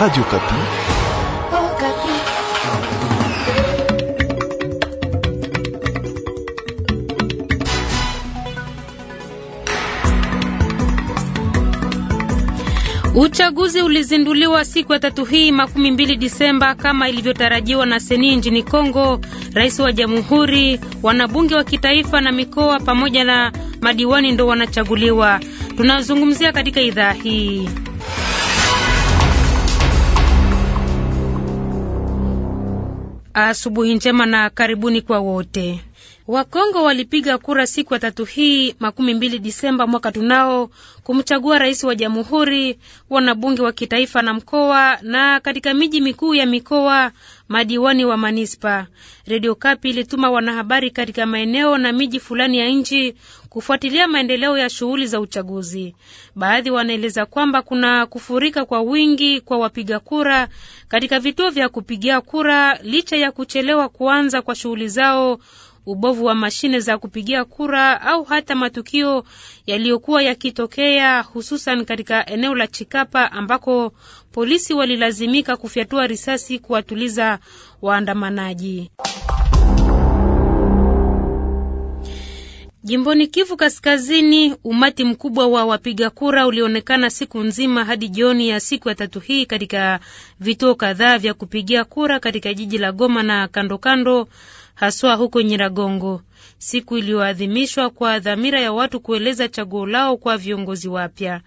Radio Kapi. Oh, Kapi. Uchaguzi ulizinduliwa siku ya tatu hii makumi mbili Disemba kama ilivyotarajiwa na Seni nchini Kongo. Rais wa Jamhuri, wanabunge wa kitaifa na mikoa pamoja na madiwani ndo wanachaguliwa. Tunazungumzia katika idhaa hii. Asubuhi njema na karibuni kwa wote. Wakongo walipiga kura siku ya tatu hii makumi mbili Disemba mwaka tunao kumchagua rais wa jamhuri, wanabunge wa kitaifa na mkoa, na katika miji mikuu ya mikoa madiwani wa manispa. Redio Kapi ilituma wanahabari katika maeneo na miji fulani ya nchi kufuatilia maendeleo ya shughuli za uchaguzi. Baadhi wanaeleza kwamba kuna kufurika kwa wingi kwa wapiga kura katika vituo vya kupigia kura licha ya kuchelewa kuanza kwa shughuli zao ubovu wa mashine za kupigia kura au hata matukio yaliyokuwa yakitokea hususan katika eneo la Chikapa ambako polisi walilazimika kufyatua risasi kuwatuliza waandamanaji. Jimboni Kivu Kaskazini, umati mkubwa wa wapiga kura ulionekana siku nzima hadi jioni ya siku ya tatu hii katika vituo kadhaa vya kupigia kura katika jiji la Goma na kandokando kando haswa huko Nyiragongo, siku iliyoadhimishwa kwa dhamira ya watu kueleza chaguo lao kwa viongozi wapya.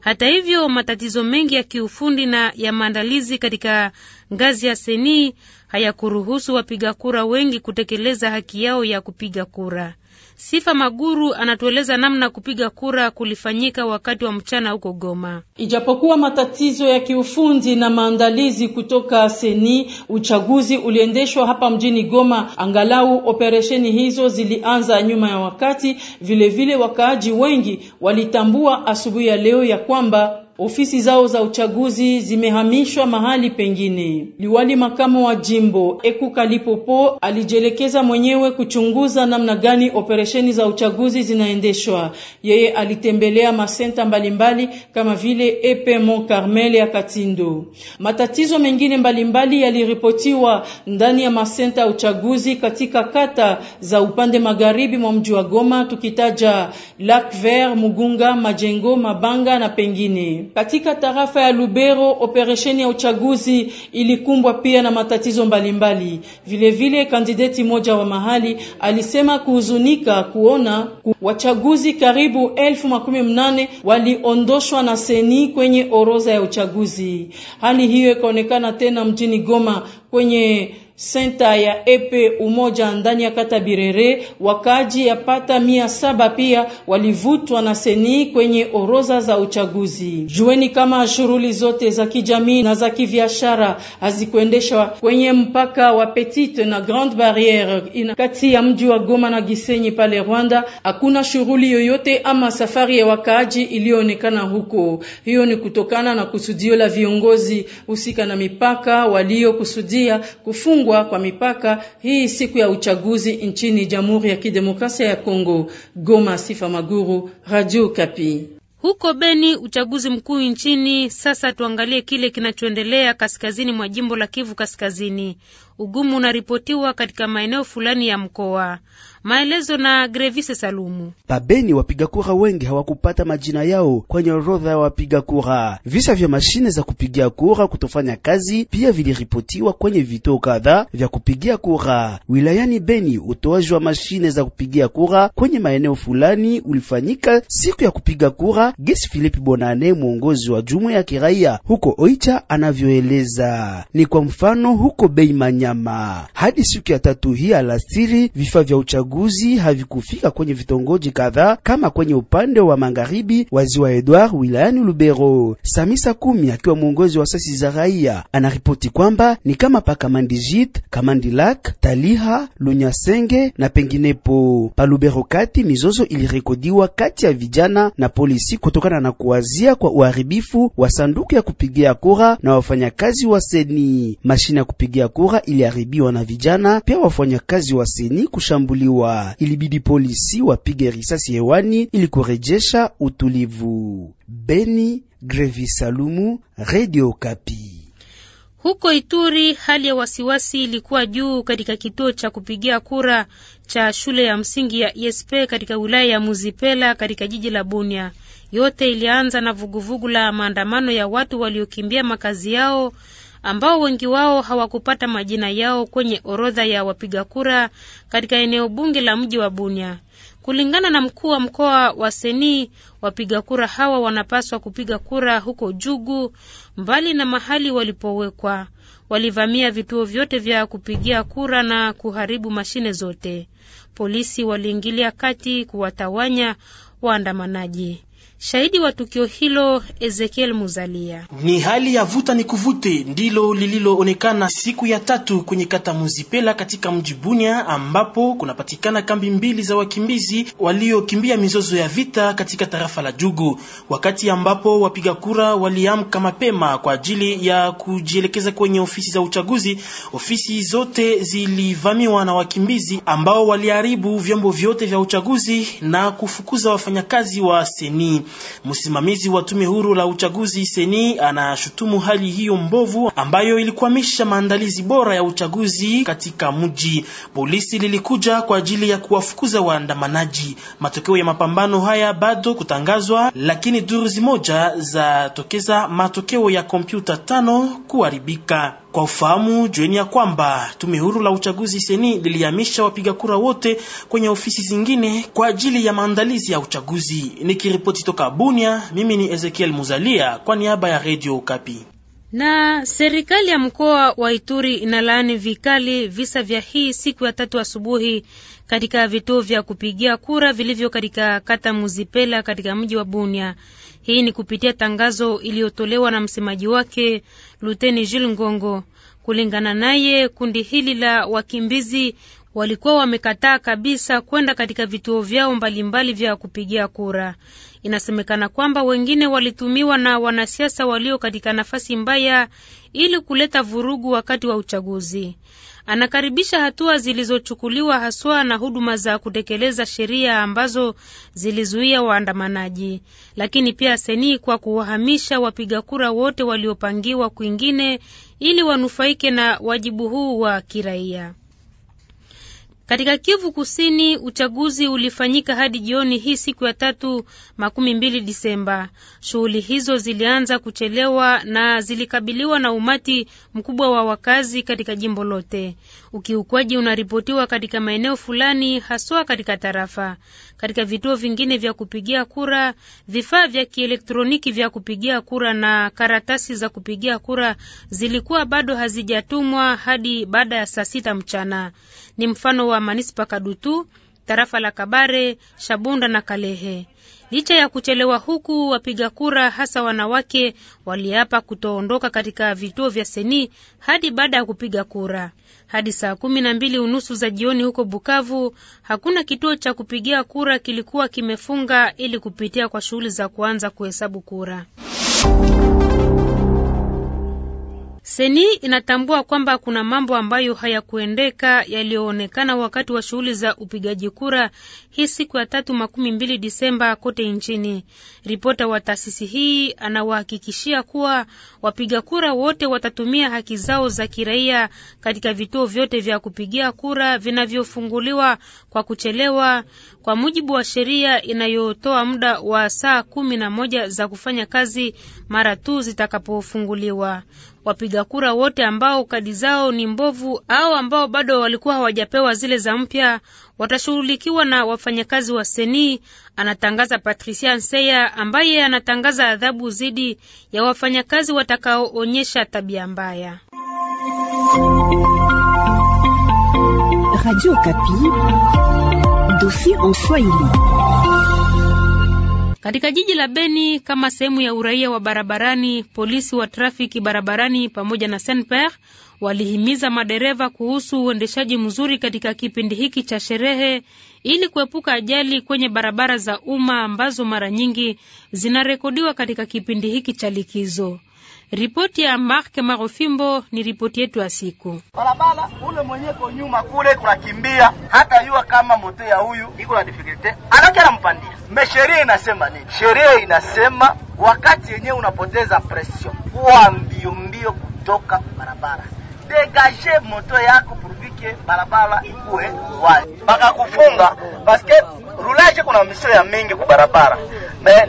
Hata hivyo, matatizo mengi ya kiufundi na ya maandalizi katika ngazi ya senii hayakuruhusu wapiga kura wengi kutekeleza haki yao ya kupiga kura. Sifa Maguru anatueleza namna kupiga kura kulifanyika wakati wa mchana huko Goma. Ijapokuwa matatizo ya kiufundi na maandalizi kutoka seni, uchaguzi uliendeshwa hapa mjini Goma. Angalau operesheni hizo zilianza nyuma ya wakati. Vilevile, wakaaji wengi walitambua asubuhi ya leo ya kwamba ofisi zao za uchaguzi zimehamishwa mahali pengine. Liwali makamu wa jimbo Eku Kalipopo alijielekeza mwenyewe kuchunguza namna gani operesheni za uchaguzi zinaendeshwa. Yeye alitembelea masenta mbalimbali kama vile Epe Mont Carmel ya Katindo. Matatizo mengine mbalimbali yaliripotiwa ndani ya masenta ya uchaguzi katika kata za upande magharibi mwa mji wa Goma, tukitaja Lac Vert, Mugunga, Majengo, Mabanga na pengine. Katika tarafa ya Lubero, operesheni ya uchaguzi ilikumbwa pia na matatizo mbalimbali. Vilevile, kandideti moja wa mahali alisema kuhuzunika kuona ku... wachaguzi karibu elfu makumi mnane waliondoshwa na seni kwenye orodha ya uchaguzi. Hali hiyo ikaonekana tena mjini Goma kwenye senta ya epe umoja ndani ya kata Birere, wakaji pata mia saba pia walivutwa na seni kwenye oroza za uchaguzi. Jueni kama shughuli zote za kijamii na za kibiashara hazikuendeshwa kwenye mpaka wa Petite na Grande Barriere ina kati ya mji wa Goma na Gisenyi pale Rwanda. Hakuna shughuli yoyote ama safari ya wakaaji iliyoonekana huko. Hiyo ni kutokana na kusudio la viongozi husika na mipaka waliokusudia kufunga kufungwa kwa mipaka hii siku ya uchaguzi nchini Jamhuri ya Kidemokrasia ya Kongo. Goma, Sifa Maguru, Radio Kapi. Huko Beni, uchaguzi mkuu nchini. Sasa tuangalie kile kinachoendelea kaskazini mwa jimbo la Kivu Kaskazini ugumu unaripotiwa katika maeneo fulani ya mkoa. Maelezo na Grevise Salumu. Pabeni wapiga kura wengi hawakupata majina yao kwenye orodha ya wapiga kura. Visa vya mashine za kupigia kura kutofanya kazi pia viliripotiwa kwenye vituo kadhaa vya kupigia kura wilayani Beni. Utoaji wa mashine za kupigia kura kwenye maeneo fulani ulifanyika siku ya kupiga kura, gesi filipi Bonane, mwongozi wa jumuiya ya kiraia huko Oicha, anavyoeleza. Ni kwa mfano huko Beimanya Manyama. Hadi siku ya tatu hii alasiri, vifaa vya uchaguzi havikufika kwenye vitongoji kadhaa kama kwenye upande wa magharibi wa ziwa Edward wilayani Lubero. Samisa Kumi akiwa mwongozi wa sasi za raia anaripoti kwamba ni kama pa kamandi Kamandilak, Taliha, Lunyasenge na penginepo. Pa Lubero kati mizozo ilirekodiwa kati ya vijana na polisi kutokana na kuwazia kwa uharibifu wa sanduku ya kupigia kura na wafanyakazi wa seni mashine ya kupigia kura iliharibiwa na vijana, pia wafanyakazi wa seni kushambuliwa. Ilibidi polisi wapige risasi hewani ili kurejesha utulivu. Beni, Grevi Salumu, Radio Kapi. Huko Ituri hali ya wasiwasi ilikuwa juu katika kituo cha kupigia kura cha shule ya msingi ya esp katika wilaya ya Muzipela katika jiji la Bunia. Yote ilianza na vuguvugu la maandamano ya watu waliokimbia makazi yao ambao wengi wao hawakupata majina yao kwenye orodha ya wapiga kura katika eneo bunge la mji wa Bunia. Kulingana na mkuu wa mkoa wa Seni, wapiga kura hawa wanapaswa kupiga kura huko Jugu, mbali na mahali walipowekwa. Walivamia vituo vyote vya kupigia kura na kuharibu mashine zote. Polisi waliingilia kati kuwatawanya waandamanaji. Shahidi wa tukio hilo Ezekiel Muzalia. Ni hali ya vuta ni kuvute ndilo lililoonekana siku ya tatu kwenye kata Muzipela katika mji Bunia, ambapo kunapatikana kambi mbili za wakimbizi waliokimbia mizozo ya vita katika tarafa la Jugu, wakati ambapo wapiga kura waliamka mapema kwa ajili ya kujielekeza kwenye ofisi za uchaguzi. Ofisi zote zilivamiwa na wakimbizi ambao waliharibu vyombo vyote vya uchaguzi na kufukuza wafanyakazi wa seni. Msimamizi wa tume huru la uchaguzi Seni anashutumu hali hiyo mbovu ambayo ilikwamisha maandalizi bora ya uchaguzi katika mji. Polisi lilikuja kwa ajili ya kuwafukuza waandamanaji. Matokeo ya mapambano haya bado kutangazwa, lakini duru moja zatokeza matokeo ya kompyuta tano kuharibika. Kwa ufahamu jueni ya kwamba tume huru la uchaguzi seni lilihamisha wapiga kura wote kwenye ofisi zingine kwa ajili ya maandalizi ya uchaguzi. Nikiripoti toka Bunia, mimi ni Ezekiel Muzalia kwa niaba ya Radio Okapi. Na serikali ya mkoa wa Ituri inalaani vikali visa vya hii siku ya tatu asubuhi katika vituo vya kupigia kura vilivyo katika kata Muzipela katika mji wa Bunia. Hii ni kupitia tangazo iliyotolewa na msemaji wake Luteni Jules Ngongo. Kulingana naye, kundi hili la wakimbizi walikuwa wamekataa kabisa kwenda katika vituo vyao mbalimbali vya kupigia kura. Inasemekana kwamba wengine walitumiwa na wanasiasa walio katika nafasi mbaya ili kuleta vurugu wakati wa uchaguzi. Anakaribisha hatua zilizochukuliwa haswa na huduma za kutekeleza sheria ambazo zilizuia waandamanaji, lakini pia seni kwa kuwahamisha wapiga kura wote waliopangiwa kwingine ili wanufaike na wajibu huu wa kiraia. Katika Kivu Kusini, uchaguzi ulifanyika hadi jioni hii siku ya tatu makumi mbili Disemba. Shughuli hizo zilianza kuchelewa na zilikabiliwa na umati mkubwa wa wakazi katika jimbo lote. Ukiukwaji unaripotiwa katika maeneo fulani, haswa katika tarafa. Katika vituo vingine vya kupigia kura, vifaa vya kielektroniki vya kupigia kura na karatasi za kupigia kura zilikuwa bado hazijatumwa hadi baada ya saa sita mchana ni mfano wa manispa Kadutu, tarafa la Kabare, Shabunda na Kalehe. Licha ya kuchelewa huku, wapiga kura hasa wanawake waliapa kutoondoka katika vituo vya seni hadi baada ya kupiga kura. Hadi saa kumi na mbili unusu za jioni huko Bukavu, hakuna kituo cha kupigia kura kilikuwa kimefunga ili kupitia kwa shughuli za kuanza kuhesabu kura. Seni inatambua kwamba kuna mambo ambayo hayakuendeka yaliyoonekana wakati wa shughuli za upigaji kura hii siku ya tatu makumi mbili Disemba kote nchini. Ripota wa taasisi hii anawahakikishia kuwa wapiga kura wote watatumia haki zao za kiraia katika vituo vyote vya kupigia kura vinavyofunguliwa kwa kuchelewa, kwa mujibu wa sheria inayotoa muda wa saa kumi na moja za kufanya kazi mara tu zitakapofunguliwa wapiga kura wote ambao kadi zao ni mbovu au ambao bado walikuwa hawajapewa zile za mpya watashughulikiwa na wafanyakazi wa seni, anatangaza Patricia Nseya, ambaye anatangaza adhabu dhidi ya wafanyakazi watakaoonyesha tabia mbaya. Radio Kapi, en Swahili. Katika jiji la Beni kama sehemu ya uraia wa barabarani, polisi wa trafiki barabarani pamoja na Senper walihimiza madereva kuhusu uendeshaji mzuri katika kipindi hiki cha sherehe ili kuepuka ajali kwenye barabara za umma ambazo mara nyingi zinarekodiwa katika kipindi hiki cha likizo. Ripoti ya Mark Marofimbo ni ripoti yetu ya siku. Barabara ule mwenye ko nyuma kule kunakimbia, hata yua kama moto ya huyu iko na difficulty, anakia anampandia. Me sheria inasema nini? Sheria inasema wakati yenyewe unapoteza pression, kuwa mbio mbio kutoka barabara, degage moto yako purvike barabara ikuwe wazi, bakakufunga paske rulage kuna misiri ya mingi ku barabara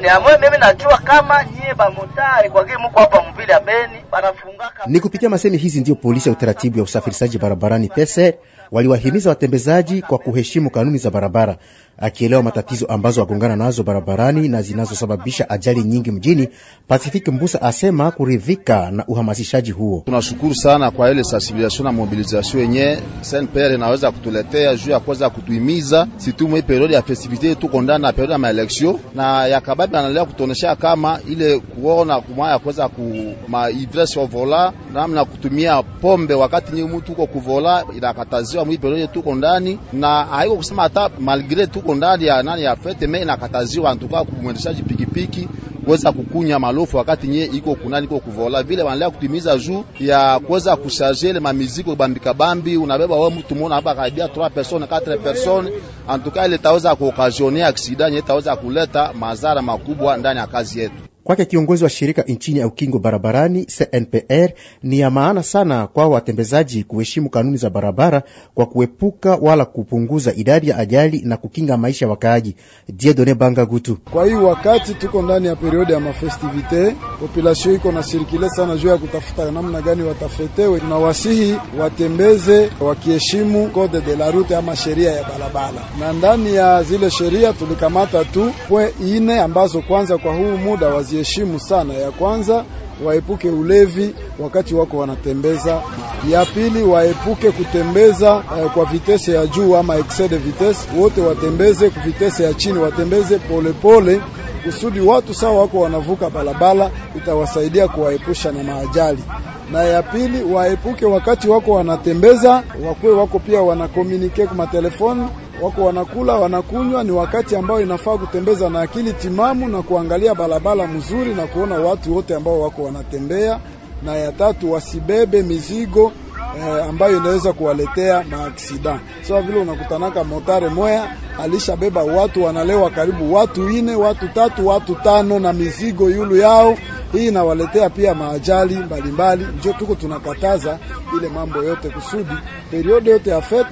ni amwe mimi najua kama nyie bamotari kwake muko hapa mvile ya Beni banafungaka. Ni kupitia masemi hizi ndio polisi ya utaratibu ya usafirishaji barabarani pese waliwahimiza watembezaji kwa kuheshimu kanuni za barabara, akielewa matatizo ambazo wagongana nazo barabarani na zinazosababisha ajali nyingi mjini. Pacific Mbusa asema kuridhika na uhamasishaji huo. Tunashukuru sana kwa ile sensibilisation na mobilisation yenye SNPR inaweza kutuletea juu ya kuweza kutuhimiza hii periodi ya festivite yetu tuko ndani na periode ya maeleksio na yakabadi analea kutonesha kama ile kuona ya kuweza ku maidresi wa vola namna kutumia pombe wakati nye mtu uko kuvola inakataziwa mwi periode tuko ndani, na haiko kusema hata malgre tuko ndani ya nani ya fete me inakataziwa antuka kumwendeshaji pikipiki kuweza kukunya malofu wakati nye iko kunani iko kuvola vile wanaendelea kutimiza juu ya kuweza kusharge ile mamiziko bambika bambi, unabeba wewe mtu mmoja hapa karibia 3 personnes 4 personnes, en tout cas ile taweza kuokasionea aksida nye taweza kuleta madhara makubwa ndani ya kazi yetu. Kwake kiongozi wa shirika nchini ya ukingo barabarani CNPR, ni ya maana sana kwa watembezaji kuheshimu kanuni za barabara kwa kuepuka wala kupunguza idadi ya ajali na kukinga maisha ya wakaaji. Diedone Banga Gutu: kwa hii wakati tuko ndani ya periode ya mafestivite, population iko na sirikile sana juu ya kutafuta namna gani watafetewe. Tunawasihi watembeze wakiheshimu code de la route ama sheria ya barabara, na ndani ya zile sheria tulikamata tu pwe ine ambazo kwanza kwa huu muda wazi wajiheshimu sana. Ya kwanza waepuke ulevi wakati wako wanatembeza. Ya pili waepuke kutembeza eh, kwa vitese ya juu ama excess de vitesse. Wote watembeze kwa vitese ya chini, watembeze polepole pole, kusudi watu sawa wako wanavuka barabara, itawasaidia kuwaepusha na maajali. Na ya pili waepuke wakati wako wanatembeza, wakuwe wako pia wanakomunike kwa matelefoni wako wanakula wanakunywa, ni wakati ambao inafaa kutembeza na akili timamu na kuangalia barabara mzuri na kuona watu wote ambao wako wanatembea. Na ya tatu wasibebe mizigo eh, ambayo inaweza kuwaletea maaksida. So vile unakutanaka motare moya alishabeba watu wanalewa karibu watu ine, watu tatu, watu tano na mizigo yulu yao. Hii inawaletea pia maajali mbalimbali. Ndio tuko tunakataza ile mambo yote kusudi periode yote ya fet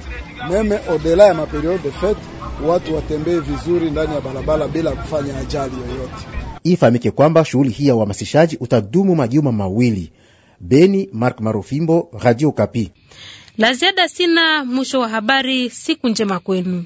meme odela ya maperiode de watu watembee vizuri ndani ya barabara bila kufanya ajali yoyote. Ifahamike kwamba shughuli hii ya uhamasishaji utadumu majuma mawili. Beni, Mark marofimbo Radio Kapi. La ziada sina. Mwisho wa habari. Siku njema kwenu.